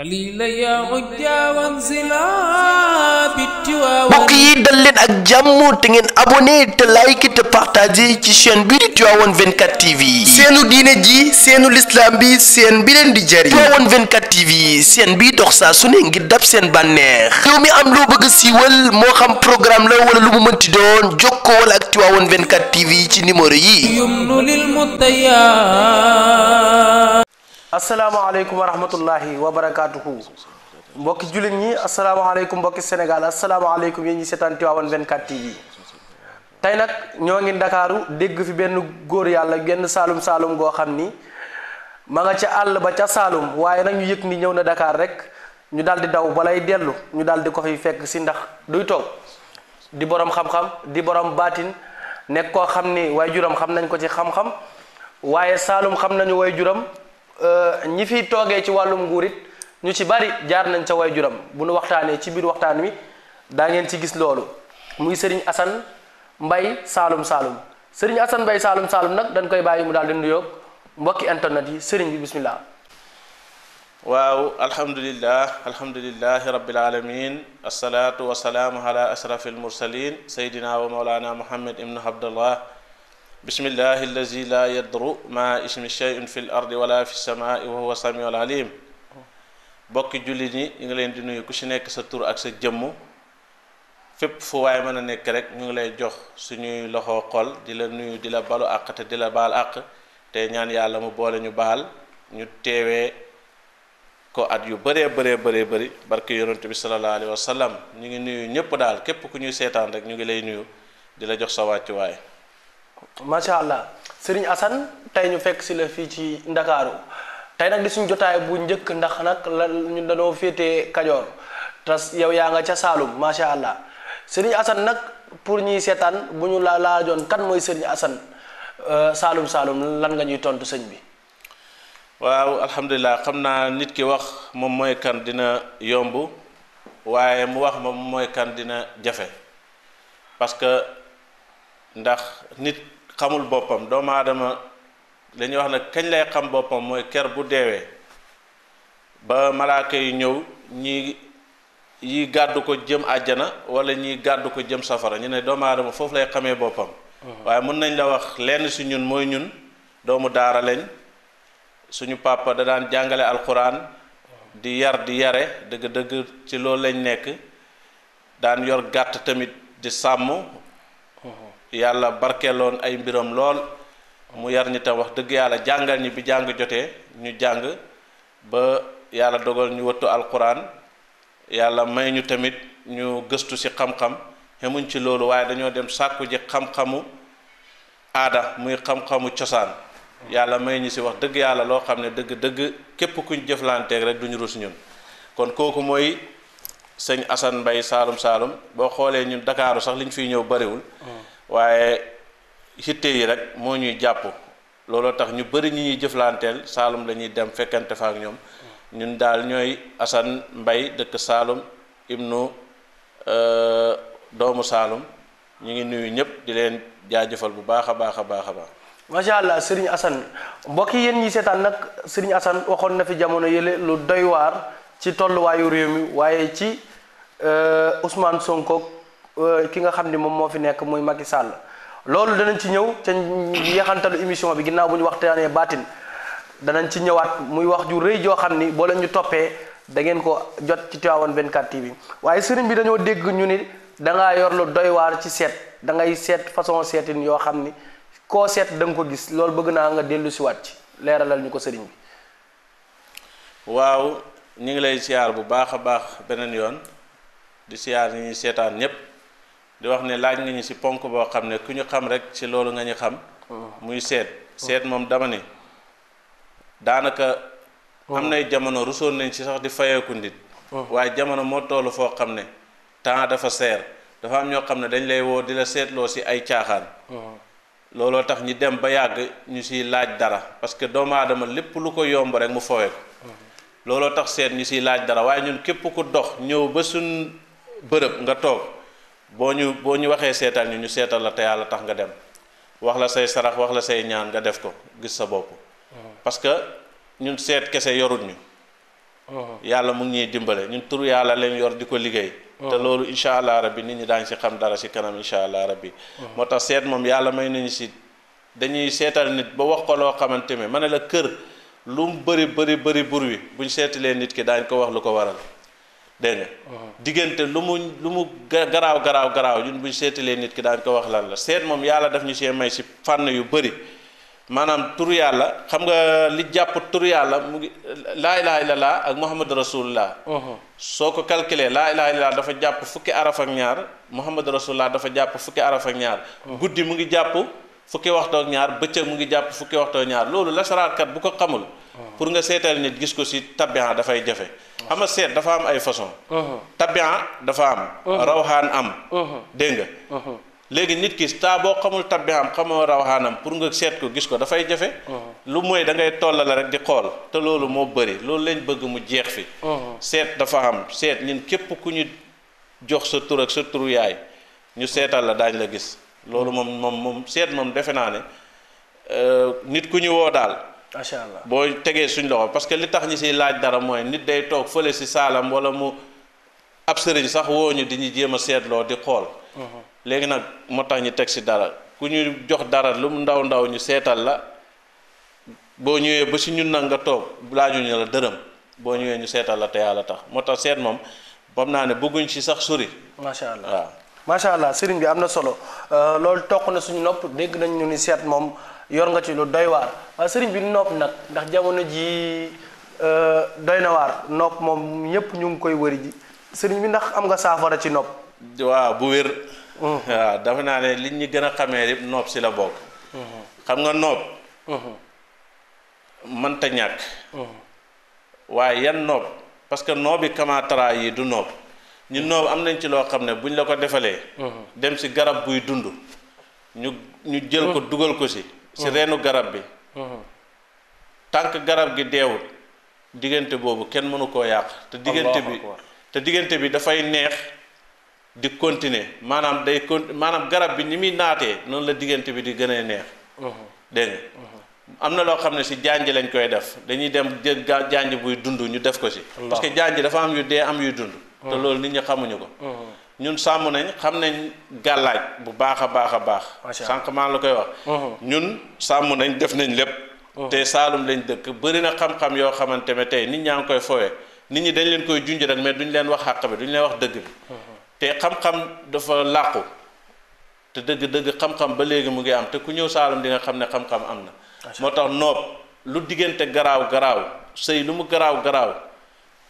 mbokk yi dal leen ak jàmm te ngeen abonné te like te partagé ci chaîne bi di Tivaouane 24 TV seenu diine ji seenu lislaam bi seen bi leen di jëriñ Tivaouane 24 TV seen bi dox saa su ngir dab seen bànneex xew mi am loo bëgg a siiwal moo xam programme la wala lu mu mënti doon jokkoo wala ak Tivaouane 24 TV ci numéro yi asalaamaaleykum wa rahmatullahi wa barakaatuhu mbokki jullit ñi asalaamaaleykum mbokki Sénégal asalaamaaleykum yéen ñi seetaan Tivaouane 24 TV tey nag ñoo ngi ndakaaru dégg fi benn góor yàlla genn saalum saalum goo xam ni ma nga ca àll ba ca saalum waaye nag ñu yëg ni ñëw na Dakar rek ñu daal di daw balay dellu ñu daal di ko fi fekk si ndax duy toog di boroom xam-xam di borom baatin nekk koo xam ni waaye juróom xam nañ ko ci xam-xam waaye saalum xam nañu waaye juram. Euh, ñi fi toogee ci wàllum nguur it ñu ci bari jaar nañ ca way juram bu nu waxtaanee ci biir waxtaan wi daa ngeen ci gis loolu muy sëriñ Assane Mbay Saalum Saalum sëriñ Assane Mbay Saalum Saalum nag dañ koy bàyyi mu daal di nuyoo mbokki internet yi sëriñ bi bismillah waaw alhamdulillah alhamdulillahi rabbil alamin assalaatu wassalaamu ala ashrafil mursalin saydina wa maulana muhammad ibnu abdullah بسم الله الذي لا يضر ما اسم شيء في الارض ولا في السماء وهو السميع العليم bokki jullit ñi ñu ngi leen di nuyu ku ci nekk sa tur ak sa jëmm fépp fu waay mën a nekk rek ñu ngi lay jox suñuy loxo xol di la nuyu di la balu àq te di la baal àq te ñaan yàlla mu boole ñu baal ñu teewee ko at yu bëree bëree bëree bëri barke yonent bi sallallahu alayhi wa sallam ñu ngi nuyu ñëpp daal képp ku ñuy seetaan rek ñu ngi lay nuyu di la jox sa wàccuwaay Masya allah serigne assane tay ñu fekk ci la fi ci ndakaaru Tay nak di suñu jotaay bu njëkk ndax nak ñu dañoo fété kadior. tas yow ya nga ca allah serigne assane nak pour ñi sétane bu ñu la joon kan moy serigne assane euh, salum salum lan nga ñuy tontu sëñ bi waaw alhamdulillah xamna nit ki wax mom moy kan dina yombu waye mu wax mom moy kan dina jafe parce que ndax nit xamul boppam doomu aadama la wax nag kañ lay xam boppam mooy kër bu deewee ba malaaka yi ñëw ñi yi gàddu ko jëm àjjana wala ñi gàddu ko jëm safara ñu ne doomu aadama foofu lay xamee boppam uh-huh. waaye mën nañ la wax lenn si ñun mooy ñun doomu daara lañ suñu pàppa da daan jàngale alxuraan di yar di yare dëgg-dëgg ci loolu lañ nekk daan yor gàtt tamit di sàmm yàlla barkeloon ay mbiram lool mu yar ñi tam wax dëgg yàlla jàngal ñi bi jàng jotee ñu jàng ba yàlla dogal ñu wëttu alquran yàlla may ñu tamit ñu gëstu ci xam-xam xemuñ ci loolu waaye dañoo dem sàkku ji xam-xamu aada muy xam-xamu cosaan yàlla may ñu ci wax dëgg yàlla loo xam ne dëgg-dëgg képp kuñ jëflanteeg rek duñu rus ñun kon kooku mooy sëñ Assane mbay Saalum Saalum boo xoolee ñun Dakaaru sax liñ fiy ñëw bariwul mm. waaye yitte yi rek moo ñuy jàpp looloo tax ñu bëri ñu ñuy jëflanteel Saalum lañuy dem fekkante fa ak ñoom ñun daal ñooy Assane Mbay dëkk Saalum ibnu euh, doomu Saalum ñu ngi nuyu ñëpp di leen jaajëfal bu baax a baax a baax a baax. macha allah Serigne Assane mbokk yi yéen ñi seetaan nag Serigne Assane waxoon na fi jamono yële lu doy waar ci tolluwaayu réew mi waaye ci euh, Ousmane Sonko. Euh, ki nga xamni mom moom fi nek muy Macky Sall loolu danañ ci ñew ci yeexantalu émission bi ginnaw bu waxtane batine baatin danañ ci ñewat muy wax ju rëy jo xamni bo lañu topé da ngeen ko jot ci Tivaouane 24 TV waye sëriñ bi dañoo dégg ñu ni da nga yor lu doy war ci set da ngay set façon seetin yoo xamni ko set seet da nga ko gis loolu bëgg na nga ci wat ci léralal ñuko ko sëriñ bi. waaw ñi ngi lay ziar bu baaxa baax benen yoon di ziar ñi sétane seetaan di wax ne laaj nga ñu ci ponk boo xam ne ku ñu xam rek ci loolu nga ñu xam mm. muy seet mm. seet moom dama ne daanaka mm. am nay jamono rusoon nañ ci sax di fayeeku nit waaye jamono moo toll foo xam ne temps dafa seer dafa am ñoo xam ne dañ lay woo di la seetloo ci ay caaxaan looloo tax ñi dem ba yàgg ñu siy laaj dara parce que doomu aadama lépp lu ko yomb rek mu fowee looloo tax seet ñu siy laaj dara waaye ñun képp ku dox ñëw ba suñ bërëb nga toog boo ñu boo ñu waxee seetal ñu ñu seetal la te yàlla tax nga dem wax la say sarax wax la say ñaan nga def ko gis sa bopp oh. parce que ñun seet kese yorut ñu oh. yàlla mu ñuy dimbale ñun tur yàlla leen yor di ko liggéey oh. te loolu incha allah bi nit ñi daañ si xam dara si kanam incha allah bi moo tax seet moom yàlla may nañu si dañuy seetal nit ba wax ko loo xamante ne ma ne la kër lu mu bëri bëri bari bur wi buñ seetalee nit ki daañ ko wax lu ko waral dégg nga diggante lu mu lu mu garaaw garaaw garaaw ñun buñ seetalee nit ki daan ko wax lan la seet moom yàlla def ñu see may si fànn yu bëri maanaam tur yàlla xam nga li jàpp tur yàlla mu ngi laa ilaha illallah ak muhammad rasulullah uh-huh. soo ko calculé laa ilaha laa dafa jàpp fukki araf ak ñaar muhammad rasulullah dafa jàpp fukki araf ak ñaar uh-huh. guddi mu ngi jàpp fukki waxtu ak ñaar bëccëg mu ngi jàpp fukki waxtu ñaar loolu lasaraarkat bu ko xamul uh-huh. pour nga seetal nit gis ko tabian dafay jafe xam nga seet dafa am ay façon uh-huh. tabian dafa am uh-huh. rawxaan am uh-huh. dégg nga léegi nit ki taa boo xamul tabian xamoo am pour nga seet ko gis ko dafay jafe lu mooy da ngay tollale rek di xool te loolu moo bëri loolu lañ bëgg mu jeex fi seet dafa am seet ñun képp ku ñu jox sa tur ak sa turu yaay ñu seetal la daañ la gis loolu moom moom moom seet moom defe naa ne euh, nit ku ñu woo daal macha allah boo tegee suñ loxo parce que li tax ñi siy laaj dara mooy nit day toog fële si saalam wala mu ab sëriñ sax woo ñu di ñu jéem a seetloo di xool. Uh-huh. léegi nag moo tax ñu teg si dara ku ñu jox dara lu mu ndaw ndaw ñu seetal la boo ñëwee ba si ñun nag nga toog laajuñu la dërëm boo ñëwee ñu seetal la te yàlla tax moo tax seet moom bam naa ne bëgguñ si sax sori. macha allah waaw. sëriñ bi am na solo euh, loolu toq na suñu nopp dégg nañ ñu ni seet moom. yor nga ci lu doy war wa ah, serigne bi nopp nak ndax jamono ji eh, doy na war nopp mom ñepp ñu ngi koy wëri ji serigne bi ndax am nga safara ci nopp wa bu wër mm. wa dafa na né li ñi gëna xamé xamee yëpp nopp si la bok mm-hmm. xam nga nopp ta ñak wa yan nopp parce que kama tara yi du ñu am nañ ci lo buñ la ko mm-hmm. dem ci garab buy dundu ñu ñu jël ko mm-hmm. dugal ko si ci reenu garab bi uh-huh. tànk garab gi deewut diggante boobu kenn mënu koo yàq te diggante bi te diggante bi dafay neex di continuer maanaam day con maanaam garab bi ni muy naatee noonu la diggante bi di gën a neex uh-huh. dégg uh-huh. am na loo xam ne si jànj lañ koy def dañuy dem jël jànj buy dund ñu def ko si parce que janj dafa am yu dee am yuy dund te loolu nit ñi xamuñu ko ñun sàmm nañ xam nañ gàllaaj bu baax a baax a baax. sànq maa la koy wax. Uh-huh. ñun sàmm nañ def nañ lépp. Uh-huh. te Saalum lañ dëkk bëri na xam yoo xamante ne tey nit ñaa ngi koy fowee nit ñi dañ leen koy junj rek mais duñ leen wax bi duñ leen wax dëgg bi. Uh-huh. xam-xam dafa làqu te dëgg-dëgg xam ba léegi mu ngi am te ku ñëw Saalum di xam ne xam am na. moo tax noob lu diggante garaaw garaaw sëy lu mu garaaw garaaw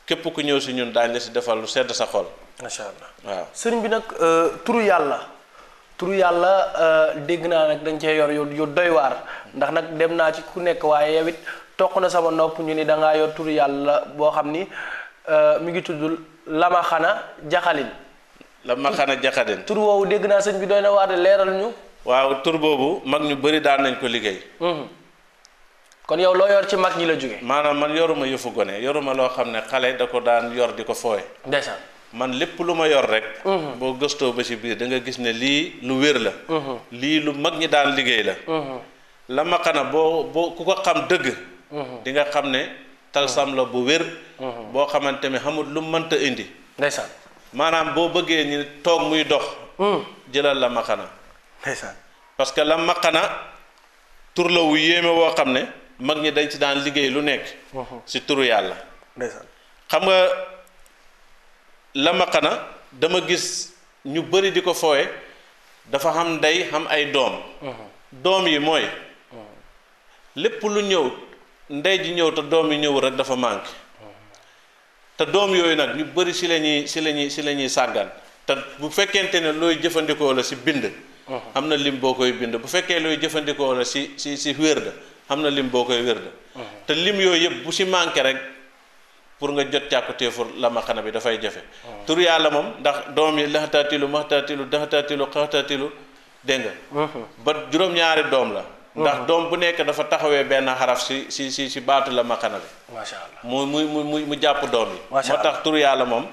képp ku ñëw si ñun daañ la si defal lu sedd sa xol. macha allah waaw sëriñ bi nag euh, turu yàlla turu yàlla euh, dégg naa nag dañ cee yor yu doy waar ndax nag dem naa ci ku nekk waaye yow it toq na sama nopp ñu ni da ngaa yor turu yàlla boo xam ni euh, mu ngi tudd lama xana jaxalin lama xana jaxalin tur woowu dégg naa sëñ bi doy na waar de leeral ñu waaw tur boobu mag ñu bari daan nañ ko liggéey hmm. kon yow loo yor ci mag ñi la jóge maanaam man yoruma yëfu gone yoruma loo xam ne xale da ko daan yor di ko fooye man lépp lu ma yor rek. Mhm. boo gëstoo ba ci biir da nga gis ne lii lu wér la. Mhm. lii lu mag ñi daan liggéey la. Mhm. la ma boo boo ku ko xam dëgg. di nga xam ne talsam la bu wér. boo xamante ne xamul lu mënta indi. ndeysaan maanaam boo bëggee ñu toog muy dox. jëlal la ma xana. ndeysaan parce que la ma xana tur yéeme woo xam ne mag ñi dañ ci daan liggéey lu nekk. ci turu yàlla. xam nga. lamaqana dama gis ñu bëri di ko fooye dafa xam ndey xam ay doom uh-huh. doom yi mooy uh-huh. lépp lu ñëw ndey ji ñëw te doom yi ñëw rek dafa manqué uh-huh. te doom yooyu nag ñu bëri si la ñuy si lañuy si la ñuy sàggan te bu fekkente ne looy jëfandikoo la si bind am na lim boo koy bind bu fekkee looy jëfandikoo la si si si wér da am na lim boo koy wér da te lim yooyu yëpp bu si manqué rek pour nga jot càkkutéefu la maxana bi dafay jafe ah. tur yàlla moom ndax doom yi laxataatilu maxataatilu daxataatilu xaxataatilu dégg nga ba juróom-ñaari doom la ndax doom bu nekk dafa taxawee benn xaraf si si si si baatu la maxana bi macha allah mu mu mu mu jàpp doom yi moo tax tur yàlla moom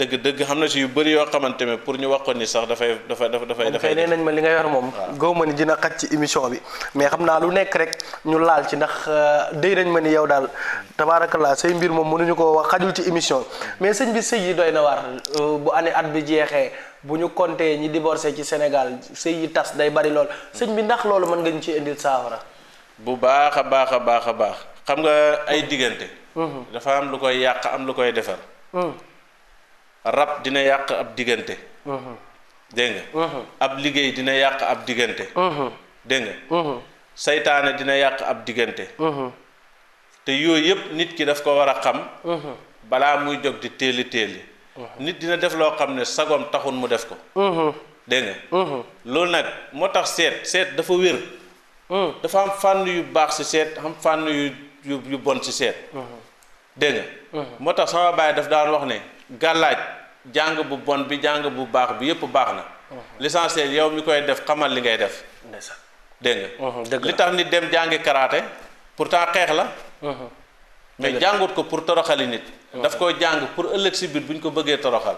dëgg dëgg xam na si yu bëri yoo xamante ne pour ñu wax ko ni sax dafay dafay dafay. dafay nee nañ ma li nga yor moom. waaw ma ni dina xaj ci émission bi. mais xam naa lu nekk rek ñu laal ci ndax euh, déy nañ ma ni yow daal tabaarakallaa say mbir moom mënuñu ko wax xajul ci émission mais sëñ bi sëy yi doy na waar euh, bu année at bi jeexee bu ñu compter ñi divorcé ci senegal sëy yi tas day bari lool sëñ bi ndax loolu mën nga ñu ci indil saafara. bu baax a baax a baax a baax xam nga ay diggante. Mm-hmm. dafa am lu koy yàq am lu koy defar. Mm. rab dina yàq ab diggante. dégg nga. ab liggéey dina yàq ab diggante. dégg nga. saytaane dina yàq ab diggante. te yooyu yëpp nit ki daf ko war a xam. balaa muy jog di téeli téeli. nit dina def loo xam ne sagom taxul mu def ko. dégg loolu nag moo tax seet seet dafa wér. dafa am fànn yu baax si seet am fànn yu yu bon ci seet. dégg moo tax sama baay daf daan wax ne. gàllaaj jàng bu bon bi jàng bu baax bi yépp baax na uh-huh. l'essentiel yow mi koy def xamal li ngay def dégg nga uh-huh, li tax nit dem jàngi karaté pourtant xeex la uh-huh. mais jàngut ko pour toroxali nit daf koy jàng pour ëllëg si biir bu ñu ko bëggee toroxal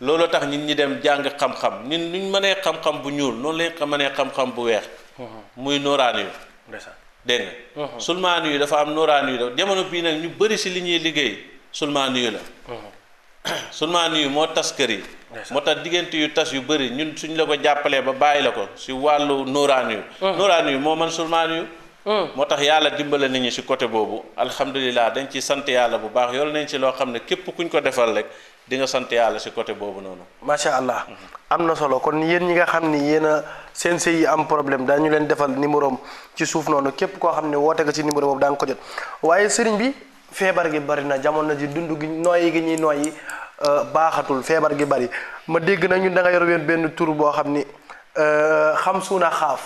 loolu tax nit ñi dem jàng xam-xam ñun nuñ mënee xam-xam bu ñuul noonu lañ mënee xam-xam bu weex muy nooraani yu dégg nga sulmaani yu dafa am nooraani yu dafa jamono bii nag ñu bëri si li ñuy liggéey sulmaani yu la suñ maa moo tas kër yi moo tax diggante yu tas yu bëri ñun suñ la ko jàppalee ba bàyyi la ko si wàllu nóoraan yu mm. nóoraan yu moo man suñ maa mm. moo tax yàlla dimbale nañu si côté boobu alhamdulilah dañ ci sant yàlla bu baax yoolu nañ si loo xam ne képp kuñ ko defal rek di nga sant yàlla si côté boobu noonu macha allah mm-hmm. am na solo kon yéen ñi nga xam ni yéen a seen sëy yi am problème daañu leen defal numéro ci suuf noonu képp koo xam ne woote nga si numéro boobu daa ko jot feebar gi bari na jamono ji dund gi nooyi gi ñuy nooyi euh, baaxatul feebar gi bari ma dégg na ñun da yor ween benn tur boo xam ni euh, xam suuna xaaf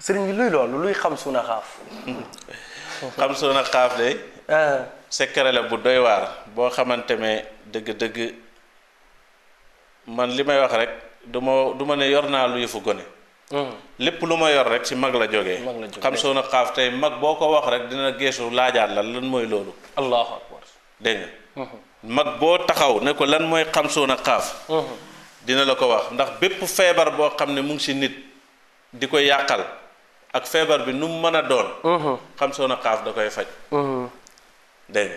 sëriñ bi luy loolu luy xam suuna xaaf xam suuna xaaf de ah. secret la bu doy waar boo xamante ne dëgg-dëgg man li may wax rek duma ma du ma ne yor naa lu yëfu gone Mm. lépp lu ma yor rek ci mag la jógee xam soo na xaaf tey mag boo ko wax rek dina geesu laajaat la lan mooy loolu allahu akbar mm-hmm. mag boo taxaw ne ko lan mooy xamsoona soo xaaf mm-hmm. dina la ko wax ndax bépp feebar boo xam ne mu si nit di ko yàqal ak feebar bi nu mu mën a doon mm-hmm. xam na xaaf da koy faj dégg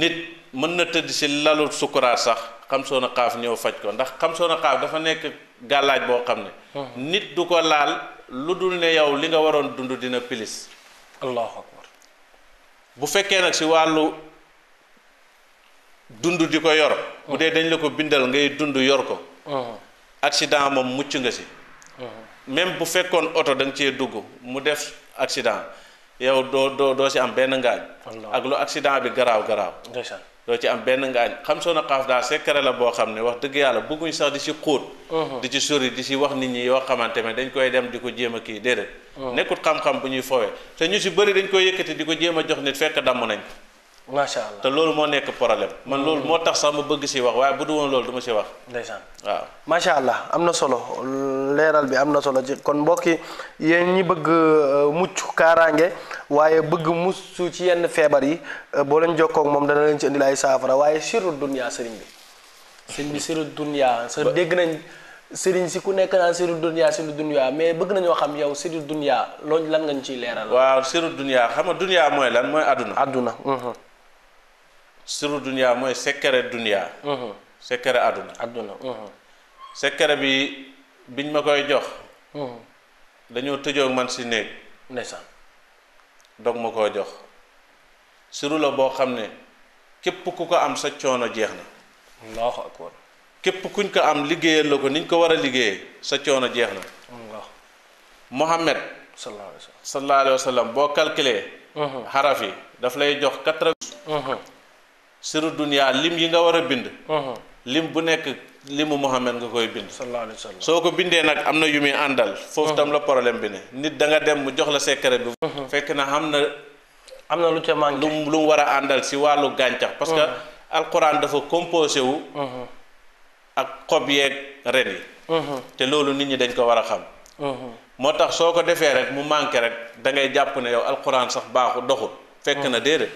nit mën na tëdd ci lalu sukuraat sax xamsoon a xaaf ñëw faj ko ndax xamsoon a xaaf dafa nekk gàllaaj boo xam ne hmm. nit du ko laal lu dul ne yow li nga waroon dund dina pilis allahu bu fekkee nag si wàllu dund di ko yor mu dee hmm. dañ la ko bindal ngay dund yor ko hmm. accident moom mucc nga si même bu fekkoon oto da cee dugg mu def accident yow doo doo doo si am benn ngaañ ak lu accident bi garaaw garaaw loo ci am benn ngaañ xam soo na xaaf daal secret la boo xam ne wax dëgg yàlla bëgguñ sax di ci xóot uh-huh. di ci sori di ci wax nit ñi yoo xamante ne dañ koy dem di ko jéem a kii déedéet uh-huh. nekkut xam-xam bu ñuy fowee te ñu si bëri dañ koy yëkkati di ko jéem a jox nit fekk damm nañ masha allah te loolu moo nekk problème man loolu moo tax bëgg si wax wax. allah am solo bi am solo kon mbokki yéen ñi bëgg euh, mucc kaaraange waaye bëgg mucc ci yenn feebar yi euh, boo leen jokkoog moom dana leen ci indil ay saafara waaye siru dunya sëriñ bi sëriñ bi siru dunya sa dégg nañ sëriñ si ku nekk siru dunya siru dunya mais bëgg xam yow siru dunya lan nga ñu ciy waaw siru dunya xam nga dunya lan mhm. siru dunia mooy secret dunia. Mhm. secret àdduna. àdduna. Mhm. secret bi biñ ma koy jox. Mhm. dañoo tëjoog man si néeg. ndeysaan. dog ma koo jox. siru la boo xam ne képp ku ko am sa coono jeex na. allahu képp kuñ ko am liggéeyal la ko niñ ko war a liggéeyee sa coono jeex na. Mohamed. sallallahu alayhi wa sallam boo calculé. xaraf yi daf lay jox quatre. siru dunya lim yi nga war a bind. Uh-huh. lim bu nekk limu Muhammad nga koy bind. sallallahu alayhi wa soo ko bindee nag am na yu muy àndal. foofu tam la uh-huh. problème bi ne nit danga dem mu jox la secret bi. Uh-huh. fekk na am na. am na lu ca manqué lu mu lu war a àndal si wàllu gàncax. parce que alquran dafa composé wu. ak xob yeeg ren yi. te loolu nit ñi dañ ko war a xam. moo tax soo ko defee rek mu manqué rek da ngay jàpp ne yow alquran sax baaxu doxul. fekk na déedéet.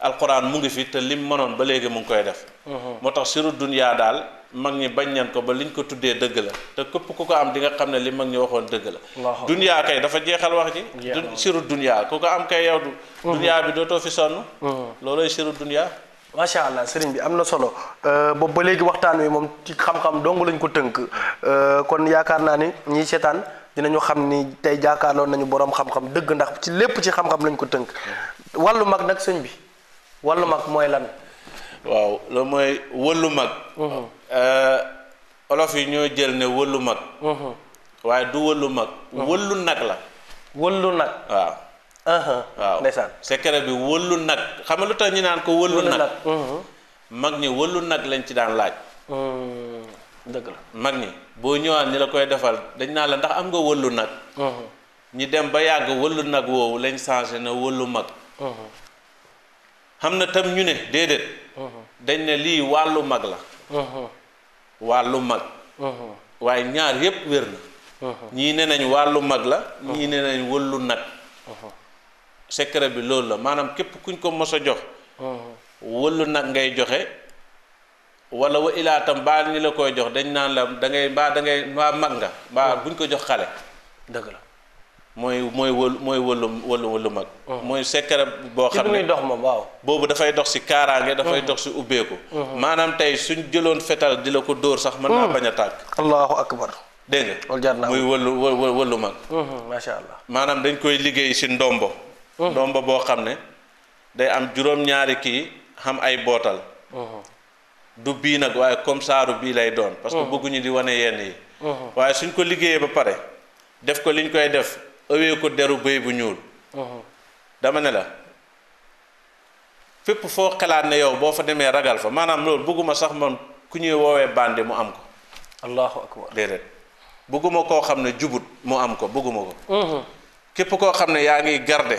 alquran mu ngi fi te lim mënoon ba legi mu ngi koy def uh-huh. motax siru dunya dal mag ñi bañ nañ ko ba liñ ko tuddé deug la te képp ku ko am di nga xamné li mag ñi waxoon deug la dunya kay dafa jéxal wax ji siru dunya ku ko am kay yow uh-huh. dunya bi doto fi son uh-huh. looloy siru ma sha allah serigne bi amna solo solo euh, bo ba legi waxtan wi mom ci xam-xam dong lañ ko euh kon yaakar na ni ñi seetaan dinañu xam ni tay jaakarlo nañu borom xam-xam deug ndax ci lepp ci xam-xam lañ ko teunk walu mag nak serigne bi wallu mag mooy lan. waaw loolu mooy wëllu mag. Mhm. Euh, olof yi ñoo jël ne wëllu mag. Mhm. waaye du wëllu mag. Mhm. wëllu nag la. wëllu nag. waaw. Uh-huh. waaw ndeysaan wël bi nag xam nga lu tax ñu naan ko wëllu nag. Uh-huh. mag ñi wëllu nag lañ ci daan laaj. Mm. dëgg la mag ñi boo ñëwaan ñi la koy defal dañ naa la ndax am nga lu nag. Uh-huh. ñi dem ba yàgg wëllu nag woowu lañ changé na wëllu mag. xam na tam ñu ne déedéet uh-huh. dañ ne lii wàllu mag la uh-huh. wàllu mag uh-huh. waaye ñaar yépp wér na ñii ne nañ wàllu mag la ñii ne nañ wëllu nag secret bi loolu la maanaam képp kuñ ko mos a jox wëllu nag ngay joxe wala wa ilaatam baa ñi la koy jox dañ naan la da mbaa da mbaa mag nga mbaa buñ ko jox xale dëgg la mooy mooy wël mooy wëllu wëllu wëllu mag. Oh. mooy secret boo xam ne dox ma waaw. boobu dafay dox si kaaraange. dafay oh. dox si ubbeeku. Oh. maanaam tey suñ jëloon fetal di la ko dóor sax. mën naa bañ a tàkk. allahu akbar. dégg nga loolu jaar naa muy wëllu wë wëllu mag. macha allah maanaam dañ koy liggéey si ndombo. ndombo boo xam ne day am juróom-ñaari kii xam ay bootal. du bii nag waaye comme saaru bii lay doon. parce que bëgguñu di wane yenn yi. waaye suñ ko liggéeyee ba pare def ko liñ koy def. ëwee ko deru bëy bu ñuul dama ne la fépp foo xalaat ne yow boo fa demee ragal fa maanaam loolu bëgguma sax man ku ñuy woowee bandi mu am ko allahu akbar déedéet bëgguma koo xam ne jubut mu am ko bëgguma ko képp koo xam ne yaa ngi garde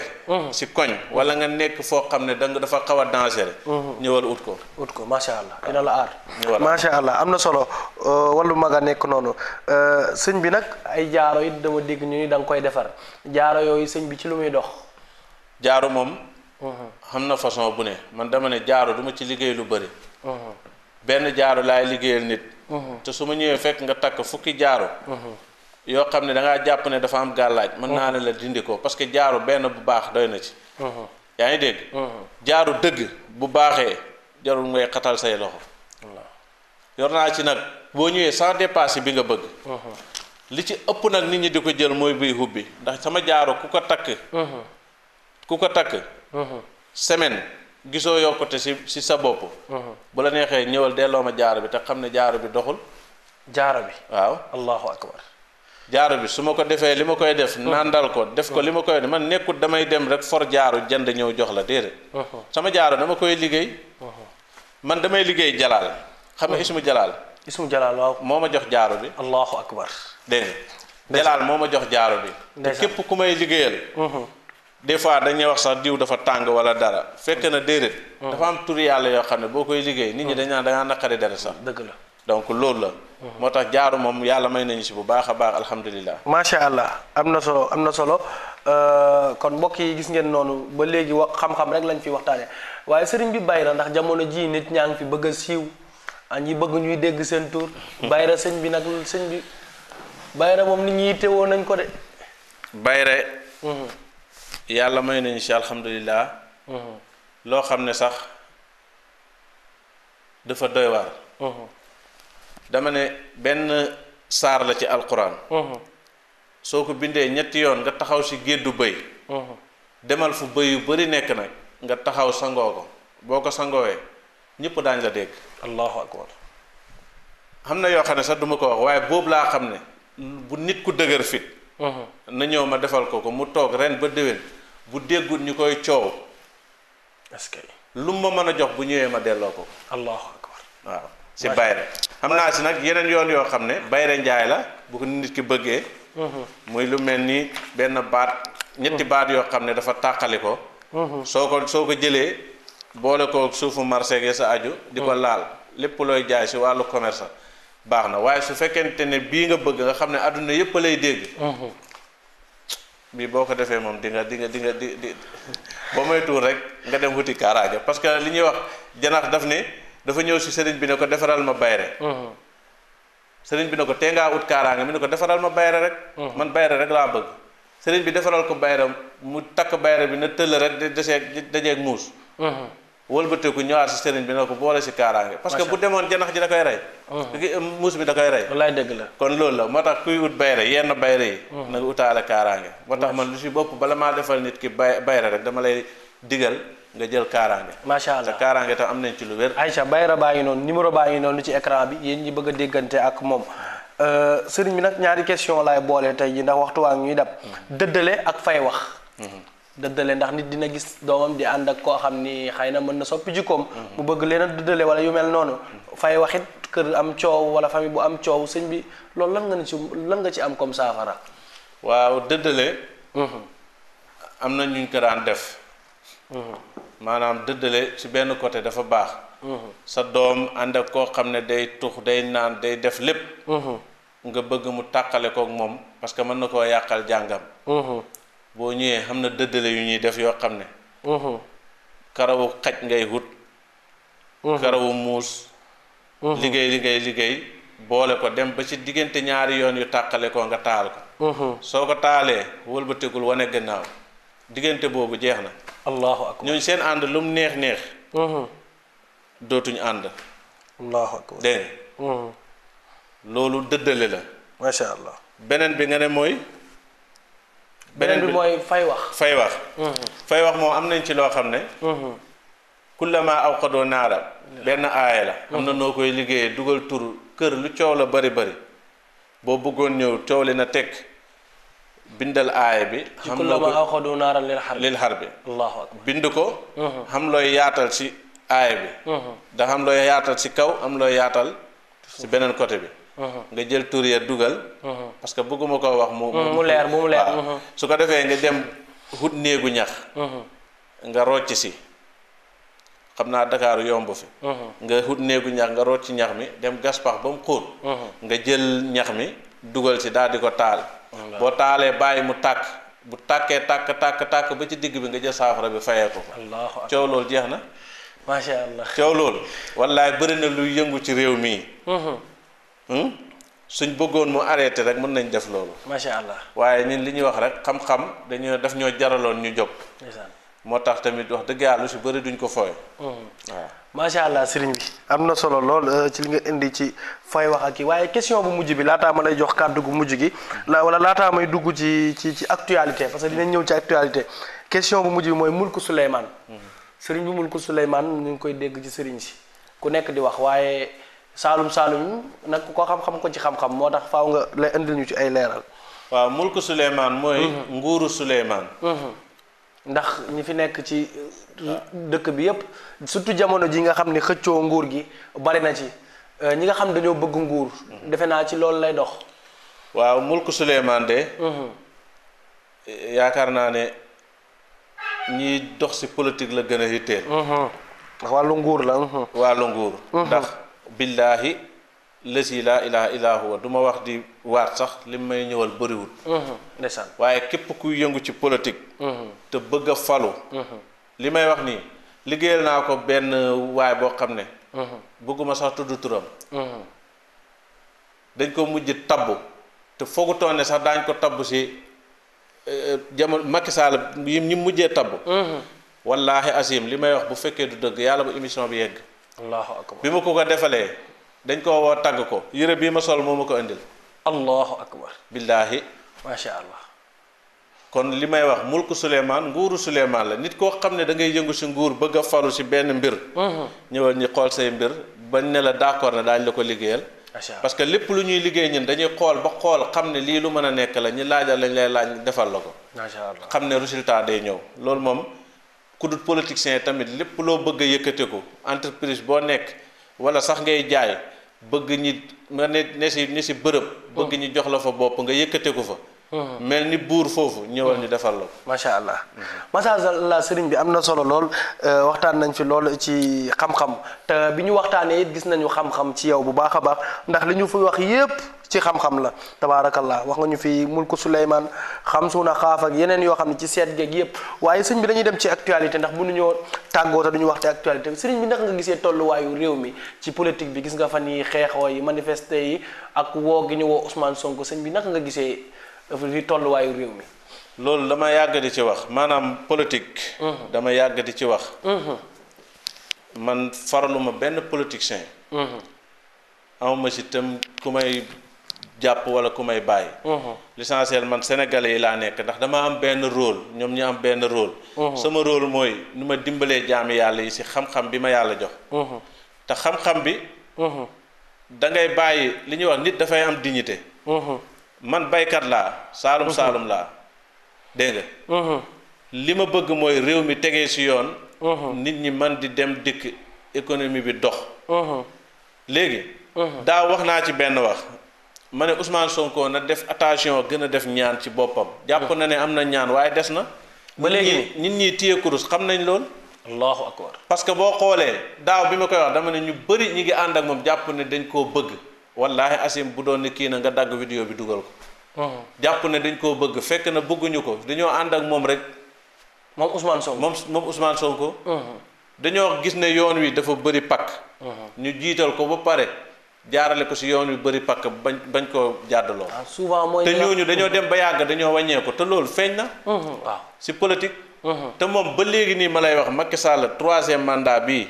si mhm. koñ wala nga nekk foo xam ne danga dafa xaw a dangereux mhm. ñëwal ut ko ut ko macha allah dina la aar macha allah am na solo euh, wallu mag a nekk noonu euh, sëñ bi nag ay jaaro yi dama dégg ñu ni koy defar jaaro yooyu sëñ bi ci lu muy dox jaaro moom mhm. xam na façon bu ne man dama ne jaaro duma ma ci liggéey lu bari benn jaaro laay liggéeyal nit te su ma ñëwee fekk nga takk fukki jaaro yoo xam ne da ngaa jàpp ne dafa am gàllaaj mën naa ne la dindi ko parce que jaaru benn bu baax doy na ci uh-huh. yaa ngi dégg uh-huh. jaaro dëgg bu baaxee jarul ngay xatal say loxo yor naa ci nag boo ñëwee sans dépasser bi nga bëgg uh-huh. li ci ëpp nag nit ñi di jël mooy buy hubbi ndax sama jaaro ku ko takk ku ko takk semaine gisoo yokkute si si sa bopp bu la neexee ñëwal delloo ma jaaro bi te xam ne jaaro bi doxul jaaru bi waaw allahu akbar jaaro bi su ma ko defee li ma koy def oh. nàndal ko def ko oh. li ma koy def man nekkut damay dem rek for jaaru jënd ñëw jox la déedéet oh, sama jaaro dama koy liggéey man damay liggéey jalaal xam nga ismu jalaal ismu jalaal waaw moo ma jox jaaro bi allahu akbar dégg nga jalaal moo ma jox jaaro bi te képp ku may liggéeyal des fois dañuy wax sax diw dafa tàng wala dara fekk na déedéet dafa am tur yàlla yoo xam ne boo koy liggéey nit ñi dañ dangaa da ngaa naqari dara sax dëgg la donc loolu la moo tax jaaru moom yàlla may nañu si bu baax a baax alhamdulilah. macha allah am na solo am na solo euh, kon mbokk yi gis ngeen noonu ba léegi wax xam-xam rek lañ fi waxtaanee waaye sëriñ bi bàyyi na ndax jamono ji nit ñaa ngi fi bëgg a siiw ah, ñi bëgg ñuy dégg seen tur. bayra sëñ bi nag sëñ bi bayra moom nit ñi yittewoo nañ ko de. bayre mhm. yàlla may nañu ci alhamdulilah. Mhm. loo xam ne sax dafa doy waar. Mhm. dama ne benn saar la ci alquran mhm. soo ko bindee ñetti yoon nga taxaw si géddu bëy mhm. demal fu bëy yu bari nekk nag nga taxaw sangoo ko boo ko sangoowee ñëpp daañ la dégg allahu akbar xam na yoo xam ne sax duma ko wax waaye boobu laa xam ne bu nit ku dëgër fit mhm. na ñëw ma defal ko ko mu toog ren ba déwén bu déggul ñu koy coow est-ce lu ma mën a jox bu ñëwee ma delloo ko allahu akbar waaw si bàyyi rek xam naa si nag yeneen yoon yoo xam ne bayre njaay la bu ko nit ki bëggee mhm. muy lu mel nii benn baat ñetti baat yoo xam ne dafa tàqali ko mhm. soo ko soo ko jëlee boole ko suufu marché gi sa aju di ko mhm. laal lépp looy jaay si wàllu commerce baax na waaye su fekkente ne bii nga bëgg nga xam ne àdduna yépp lay dégg bii boo ko defee moom di nga di nga di nga di di ba moytuwul rek nga dem wuti kaaraange parce que li ñuy wax janax daf ne dafa ñëw si sëriñ bi ne ko defaral ma bayre uh-huh. sëriñ bi ne ko tee ngaa ut kaaraange mu ne ko defaral ma bayre rek uh-huh. man bayre rek laa bëgg sëriñ bi defaral ko bayre mu takk bayre bi na tëll rek di deseeg dajeeg muus uh-huh. wëlbateeku ñëwaat si sëriñ bi ne ko boole si kaaraange parce que bu demoon janax ji da koy rey muus bi da koy rey wallaay dëgg kon loolu la moo tax kuy ut bayre yenn bayre yi na nga utaale kaaraange moo tax man lu si bopp bala maa defal nit ki bay bayre rek dama lay digal nga jël kaaraange. macha allah te kaaraange tam am nañ ci lu wér. Aïcha bayra baa ngi noonu numéro baa ngi noonu ci écran bi yéen ñi bëgg a déggante ak moom euh, sëriñ bi nag ñaari question lay boole tey ji ndax waxtu waa ngi ñuy dab. dëddale ak fay wax. dëddale ndax nit dina gis doomam di ànd ak koo xam ni xëy na mën na soppi jikkoom. mu bëgg leen a dëddale wala yu mel noonu. fay waxit kër am coow wala famille bu am coow sëñ bi loolu lan nga ci lan nga ci am comme saafara. waaw dëddale. Mhm. am na ñu ko def. Mm-hmm. maanaam dëddale ci benn côté dafa baax mm-hmm. sa doom ànd ak koo xam ne day tux day naan day def lépp mm-hmm. nga bëgg mu tàqale kook moom parce que mën na koo yàqal jàngam boo ñëwee xam na dëddale yu ñuy def yoo xam ne karawu xaj ngay wut karawu muus liggéey liggéey liggéey boole ko dem ba ci diggante ñaari yoon yu tàqale ko nga taal ko soo ko taalee wëlbatigul wane gannaaw diggante boobu jeex na allahu akbar ñooñu seen ànd lu mu neex neex. Mhm. dootuñu ànd. allahu akbar dégg mhm. loolu dëddale la. macha allah beneen bi nga ne mooy. beneen bi mooy fay wax. fay wax. Mhm. fay wax moom am nañ ci loo xam ne. kullama awqadoo naara. benn aaya la. am na noo koy liggéeyee dugal tur kër lu coow la bari bari boo bëggoon ñëw coow li a tekk bindal aaya bi. xam loo ko lil xar bi. bind ko. Mm-hmm. xam looy yaatal ci aaya bi. Mm-hmm. da xam looy yaatal ci kaw am looy yaatal ci mm-hmm. beneen côté bi. nga jël tur ya dugal. parce que bëgguma koo wax mu. mu leer mu leer su ko defee nga dem hut néegu ñax. nga rocc si. xam naa Dakar yomb fi. nga hut néegu ñax nga rocc ñax mi dem gas pax ba mu nga jël ñax mi dugal si daal ko taal. boo taalee bàyyi mu tàkk bu tàkkee tàkk tàkk tàkk ba ci digg bi nga jël saafara bi fayeeku ko coow loolu jeex na macha allah coow loolu wallaay bëri na luy yëngu ci réew mii mm-hmm. hmm? suñ bëggoon mu arrêté rek mën nañ def loolu macha allah waaye ñun li ñuy wax rek xam-xam dañu daf ñoo jaraloon ñu jóg moo tax tamit wax dëgg yàlla lu si bëri duñ ko fooy. Mm-hmm. waaw macha allah sëriñ bi am na solo lool euh, ci li nga indi ci fooy wax ak yi waaye question bu mujj bi laataa ma lay jox kàddu gu mujj gi la wala laataa may dugg ci ci ci actualité parce que dinañ ñëw ci actualité question bu mujj bi mooy mulku Souleymane. Mm-hmm. sëriñ bi mulku Souleymane ñu ngi koy dégg ci sëriñ si ku nekk di wax waaye saalum saalum nag ko xam-xam ko ci xam-xam moo tax faw nga lay indil ñu ci ay leeral. waaw mulku Souleymane mooy. Mm-hmm. nguuru Souleymane. ndax ñi fi nekk ci euh, dëkk bi yépp surtout jamono ji nga xam ni xëccoo nguur gi bari na ci euh, ñi nga xam dañoo bëgg nguur defe naa ci loolu lay dox waaw mulku Suleymaan de mhm. yaakaar naa ne ñiy dox ci politique la gën a yitteel mhm. ndax wàllu nguur la mhm. wàllu nguur ndax billaahi lësi laa ilaha illa huwa du ma wax di waat sax li may ñëwal bëriwul mhm. ndeysaan waaye képp kuy yëngu ci politique mhm. te bëgg a falu mhm. li may wax nii liggéeyal naa ko benn waay boo xam ne bëgguma sax tudd turam dañ ko mujj tabb te foogutoon ne sax daañ ko tabb si eh, eh, jamono Macky Sall yi ñi mujjee tabb wallaahi asim li may wax bu fekkee du dëgg yàlla bu émission bi yegg bi ma ko ko defalee dañ koo woo tagg ko yére bii ma sol moom ma ko indil allahu akbar billaahi macha allah kon li may wax mulku suleymaan nguuru suleymaan la nit koo xam ne da ngay yëngu si nguur bëgg a falu si benn mbir mm-hmm. ñëwal ñu xool say mbir bañ ne la d'accord ne daañ la ko liggéeyal parce que lépp lu ñuy liggéey ñun dañuy xool ba xool xam ne lii lu mën a nekk la ñu laajal lañ lay laaj defal la ko xam ne résultat day ñëw loolu moom ku dul politicien tamit lépp loo bëgg a ko entreprise boo nekk wala sax ngay jaay bëgg ñi nga ne ne si si bërëb bëgg ñi jox la fa bopp nga yëkkate ko fa Hmm. mel ni buur foofu ñëwal ñu hmm. defal la ko. macha allah macha allah sëriñ bi am na solo lool euh, waxtaan nañ fi lool ci xam-xam te bi ñu waxtaanee gis nañu xam-xam ci yow bu baax a baax ndax li ñu fi wax yépp ci xam-xam la tabaarakallah wax nga ñu fi mulku Suleymaan xam suuna xaaf ak yeneen yoo xam ne ci seet geeg yépp waaye sëriñ bi dañuy dem ci actualité ndax bu nu ñoo tàggoo te duñu wax ci actualité sëriñ bi naka nga gisee tolluwaayu réew mi ci politique bi gis nga fan yi xeexoo yi manifesté yi ak woo gi ñu woo Sonko sëriñ bi naka nga gisee. dafa di tolluwaayu réew mi. loolu dama yàgg di ci wax maanaam politique. Mm-hmm. dama yàgg di ci wax. Mm-hmm. man faraluma benn politicien. Mm-hmm. amuma ci tam ku may jàpp walla ku may bàyyi. l'essentiel man sénégalais yi laa nekk ndax dama am benn rôle ñoom ñu am benn rôle. sama rôle mooy nu ma dimbalee jaami yàlla yi si xam-xam bi ma yàlla jox. te xam-xam bi. da bàyyi li ñuy wax nit dafay am dignité. man baykat laa saalum mhm. saalum laa dégg nga mhm. li ma bëgg mooy réew mi tegee ci yoon mhm. nit ñi man di dem dikk économie bi dox léegi daaw wax naa ci benn wax ma ne Ousmane Sonko na def attention gën a def ñaan ci boppam jàpp na ne am na ñaan waaye des na ba léegi nit ñi téye kurus xam nañ lool allahu parce que boo xoolee daaw bi ma koy wax dama ne ñu bëri ñi ngi ànd ak moom jàpp ne dañ koo bëgg wallahi asim bu doon ni kii na nga dagg vidéo bi dugal ko. Hmm. jàpp ne dañ koo bëgg fekk na bëgguñu ko dañoo ànd ak moom rek. moom Ousmane Sonko moom moom Ousmane Sonko. Hmm. dañoo gis ne yoon wi dafa bëri pakk. Hmm. ñu jiital ko ba pare jaarale ko si yoon wi bëri pakk bañ bañ koo jàddaloo. Ah, souvent mooy te ñu dañoo dem ba yàgg dañoo wàññeeku te loolu feeñ na. waaw si politique. te moom ba léegi nii ma lay wax Macky Sall troisième mandat bi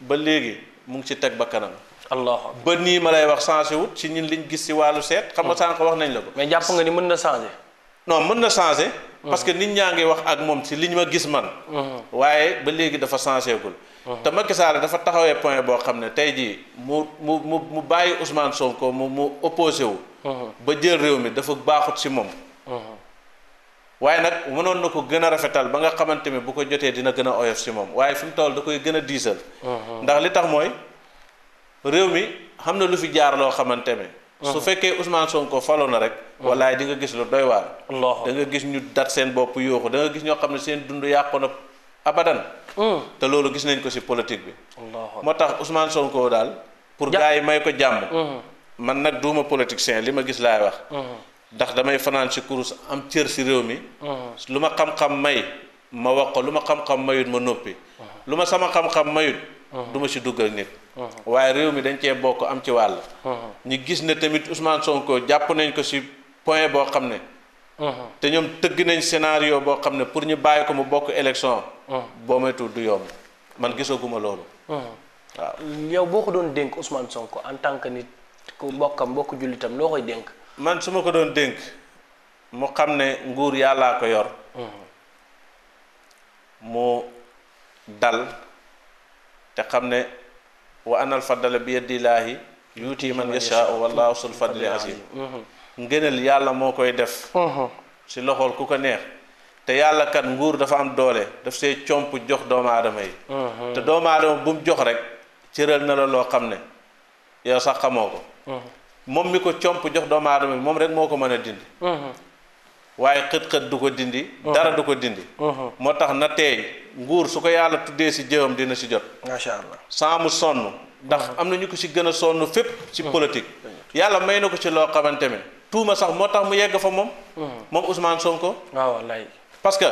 ba léegi mu ngi si teg bakkanam. allah ba nii ma lay wax changé wut ci ñun liñ gis si wàllu seet. xam nga hmm. sànq wax nañ la ko. mais jàpp nga ni mën na changé. non mën na changé. Hmm. parce que nit ñaa ngi wax ak moom si liñ ma gis man. Hmm. waaye ba léegi dafa changé gul. te Macky dafa taxawee point boo xam ne tey jii mu mu mu mu bàyyi Ousmane Sonko mu mu opposé wu. ba jël réew mi dafa baaxut si moom. waaye nag mënoon na ko gën a rafetal ba nga xamante ne bu ko jotee dina gën a oyof si moom waaye fi mu toll da koy gën a diisal. ndax li tax mooy. réew mi xam na lu fi jaar loo xamante ne. su fekkee Ousmane Sonko falo na rek. walaay di nga gis lu doy waar. da nga gis ñu dat seen bopp yooxu da nga gis ñoo xam ne seen dund yàqu na abadan. te loolu gis nañ ko si politique bi. moo tax Ousmane Sonko daal. pour gars yi may ko jàmm. man nag duuma politicien li ma gis laay wax. ndax damay fanaan si kurus am cër si réew mi. lu ma xam-xam may ma wax ko lu ma xam-xam mayut ma noppi. lu ma sama xam-xam mayut. du ma si duggal Uh-huh. waaye réew mi dañ cee bokk am ci wàll uh-huh. ñu gis ne tamit Ousmane Sonko jàpp nañ ko si point boo xam ne uh-huh. te ñoom tëgg nañ scénario boo xam ne pour ñu bàyyi ko mu bokk élection boo moytuwul du yomb man gisaguma loolu waaw yow boo ko doon dénk Ousmane Sonko en tant que nit ku mbokkam mbokk jullitam loo koy dénk man su ma ko doon dénk mu xam ne nguur yàllaa ko yor mu dal te xam ne wa anal faddala bi yadillaahi yuuti man yashaau wallaahu sul fadli azim ngënal yàlla moo koy def si uh-huh. loxool ku ko neex te yàlla kat nguur dafa am doole daf see comp jox doomu aadama yi uh-huh. te doomu aadama bu mu jox rek cëral na la loo xam ne yow sax xamoo ko uh-huh. moom mi ko comp jox doomu aadama yi moom rek moo ko mën a dindi waaye xët-xët du ko dindi. Uh-huh. dara du ko dindi. Uh-huh. moo tax na teey nguur su ko yàlla tuddee si jëwam dina si jot. macha allah sans mu sonn. ndax uh-huh. am na ñu ko si gën a sonn fépp. si politique yàlla may na ko si loo xamante ne tuuma sax moo tax mu yegg fa moom. moom Ousmane Sonko. waaw ah, wallaay parce que.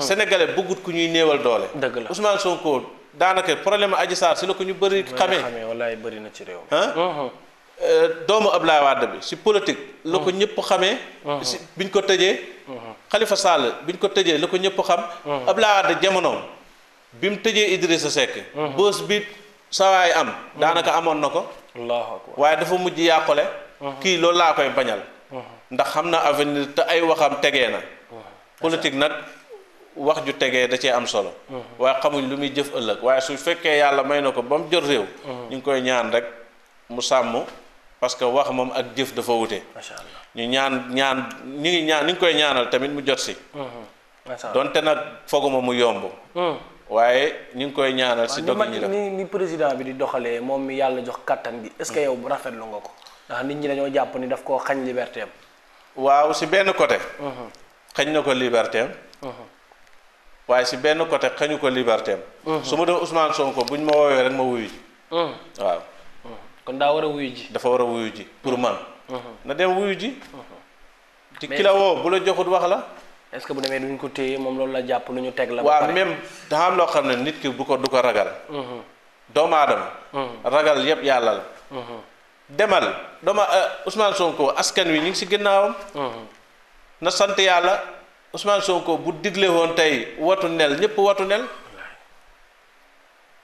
sénégalais bëggut ku ñuy néewal doole. dëgg la Ousmane Sonko daanaka problème Adji Sarr si la ko ñu bëri. xamee wallaay bëri na ci réew Euh, doomu Abdoulaye Wade bi si politique. la ko ah. ñëpp xamee. Ah. si biñ ko tëjee. Ah. Khalifa Sall biñ ko tëjee la ko ñëpp xam. Abdoulaye Wade jamonoom bi mu tëjee Idrissa Seck. bës bi sawaay am. daanaka amoon na ko. waaye dafa mujj yàqule. kii loolu laa koy bañal. ndax xam na avenir te ay waxam tegee na. politique nag wax ju tegee da cee am solo. waaye xamuñ lu muy jëf ëllëg waaye su fekkee yàlla may na ko ba mu jot réew. ñu ngi koy ñaan rek mu sàmm. parce que wax moom ak jëf dafa wute. macha ñu ñaan ñaan ñu ngi ñaan ñu ngi koy ñaanal tamit mu jot si. Mm-hmm. macha allah donte nag fooguma mu yomb. Mm. waaye ñu ngi koy ñaanal si dog ñi la ni président bi di doxalee moom mi yàlla jox kàttan gi. est-ce que yow bu rafetlu nga ko. ndax nit ñi dañoo jàpp ni daf koo xañ liberté waaw si benn côté. Mm-hmm. xañ na ko liberté am. Mm-hmm. waaye si benn côté xañu ko liberté am. su ma doon rek ma wuyu. Mm. waaw. kon daa war a wuyu ji. dafa war a wuyu ji pour man. Uh-huh. na dem wuyu ji. Uh-huh. ci ki la woo bu la joxut wax la. est ce que bu demee duñ ko téye moom loolu la jàpp lu ñu teg la. ba pare waaw am loo xam ne nit ki bu ko du ko ragal. Uh-huh. doomu aadama. ragal yëpp yàlla la. demal dooma euh, Ousmane Sonko askan wi ñu ngi si ginnaawam. na sant yàlla Ousmane Sonko bu digle woon tey watu nel ñëpp watu nel.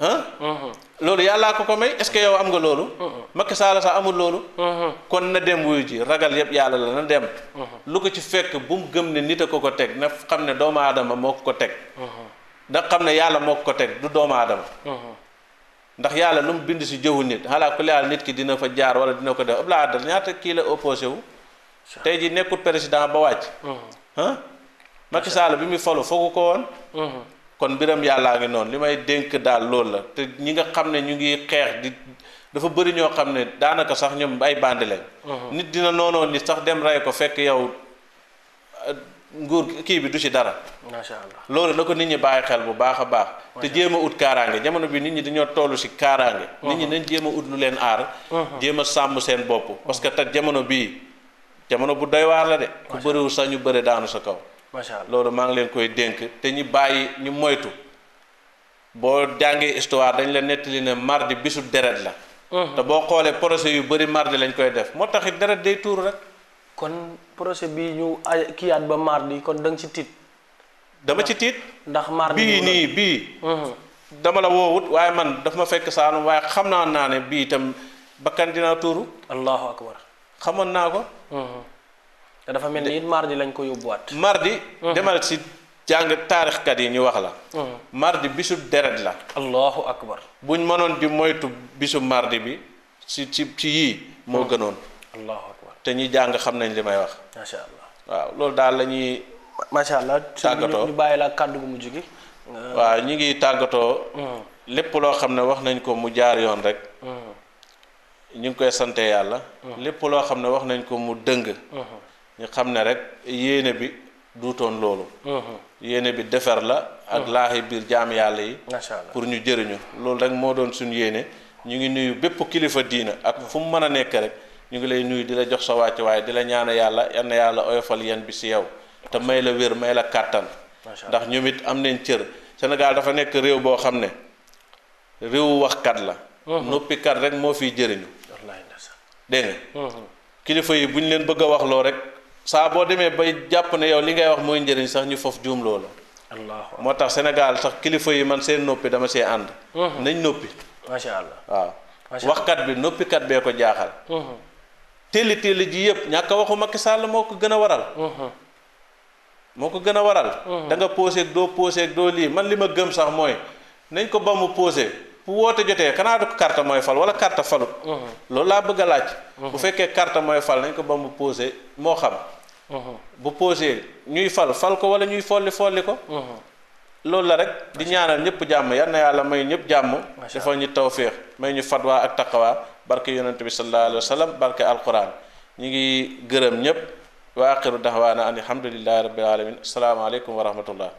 ah. loolu yàllaa ko ko may est-ce yow am nga loolu. Uh-huh. Macky Sall sax amul loolu. Uh-huh. kon na dem wuyu ragal yëpp yàlla la na dem. lu ko ci fekk bu mu gëm ne nit a ko ko teg na xam ne doomu aadama moo ko ko teg. ndax xam ne yàlla moo ko ko teg du doomu aadama. ndax yàlla lu mu bind si jëwu nit xalaa ku laal nit ki dina fa jaar wala dina ko def ëpp laa dal ñaata kii la opposé tey ji nekkul président ba wàcc. ah bi muy falu foogu ko woon. kon biram yàllaa ngi noonu li may dénk daal loolu la te ñi nga xam ne ñu ngi xeex di dafa bëri ñoo xam ne daanaka sax ñoom bay bandi lañ uh-huh. nit dina noonoo nit sax dem rey ko fekk yow uh, nguur kii bi du ci dara macha loolu na ko nit ñi bàyyi xel bu baax a baax te jéem a ut kaaraange jamono bii nit ñi dañoo tollu ci kaaraange uh-huh. nit ñi nañ jéem a ut lu leen aar uh-huh. jéem a sàmm seen bopp parce que te jamono bii jamono bu doy waar la de ku bëriwul sax ñu bëri daanu sa kaw Loro allah loolu ngi len koy denk te ñi bayyi ñu moytu bo jangé histoire dañ la netti ne mardi bisu deret la. te bo xolé procès yu bari mardi lañ koy def moo taxit deret day tour rek. kon procès bi ñu kiyat ba mardi kon dang ci tit dama ci tit ndax mardi ni bi bii. dama la wowut waye man daf ma fekk saanu waye xamna naa naa bi tam itam bakkan allahu akbar xamon naa ko. te dafa mel ni it mardi lañ ko yóbbuwaat. mardi. Mhm. demal si jàng taarixkat yi ñu wax la. Mhm. mardi bisub deret la. allahu akbar. buñ mënoon di moytu bisu mardi bi si ci ci yii moo mhm. gënoon. te ñi jàng xam nañ li may wax. macha allah waaw loolu daal la ñuy. macha allah tàggatoo ñu bàyyi la kàddu gu mu gi. waaw euh, ñu ngi tàggatoo. lépp loo xam ne wax nañ ko mu jaar yoon rek. ñu ngi koy sante yàlla. lépp loo xam ne wax nañ ko mu dëng. ñu xam ne rek yéene bi duutoon loolu mhm. yéene bi defar la ak mhm. laaxi biir jaam yàlla yi pour ñu jëriñu loolu rek moo doon suñu yéene ñu ngi nuyu bépp kilifa diina ak mhm. fu mu mën a nekk rek ñu ngi lay nuyu di la jox sa wàcc waaye di la ñaan yàlla yan na yàlla oyofal yan bi si yow te may la wér may la kàttan ndax ñoom it am nañ cër Sénégal dafa nekk réew boo xam ne réewu waxkat la noppikat rek moo fiy jëriñu dégg kilifa yi bu ñu leen bëgg a rek saa boo demee bay jàpp ne yow li ngay wax mooy njëriñ sax ñu foofu juum loola. moo tax Sénégal sax kilifa yi man seen noppi dama see ànd. Mhm. nañ noppi. macha allah waaw. waxkat bi noppikat bee ko jaaxal. Mhm. téeli téeli ji yëpp ñàkk waxu Macky sàll moo ko gën a waral. Mhm. moo ko gën a waral. da nga posé doo posé doo lii man li ma gëm sax mooy nañ ko ba mu posé. bu woote jotee xanaa du karta mooy fal wala carte falut uh-huh. loolu laa bëgg a laaj bu uh-huh. fekkee carte mooy fal nañ ko ba mu posé moo xam uh-huh. bu posé ñuy fal fal ko wala ñuy folli folli ko loolu la rek di ñaanal ñëpp jàmm yal na yàlla may ñëpp jàmm dafa ñu tawféex may ñu fatwa ak taqwa barke yonent bi sallallahu alayhi wa sallam barke alquran ñu ngi gërëm ñëpp wa aqiru dahwaana an alhamdulillahi rabbil alamin asalaamaaleykum wa rahmatullah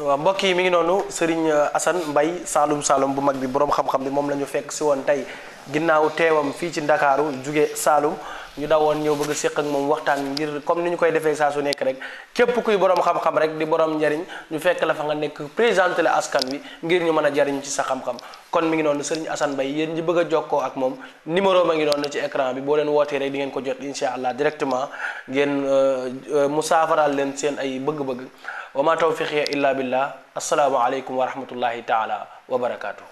waaw mbokk yi mi ngi noonu Serigne euh, Assane mbay Saalum Saalum bu mag bi boroom xam-xam bi moom la ñu fekk si woon tey ginnaaw teewam fii ci Ndakaaru jóge Saalum ñu daw woon ñëw bëgg a ak moom waxtaan ngir comme ni ñu koy defee saa su nekk rek képp kuy borom xam-xam rek di borom njariñ ñu fekk la fa nga nekk présenté la askan wi ngir ñu mën a jariñ ci sa xam-xam kon mi ngi noonu Serigne Assane mbay yéen ñi bëgg a jokkoo ak moom numéro ma ngi noonu ci ecran bi boo leen wootee rek di ngeen ko jot incha allah directement ngeen euh, euh, mu saafaral leen seen ay bëgg-bëgg وما توفيقي إلا بالله السلام عليكم ورحمة الله تعالى وبركاته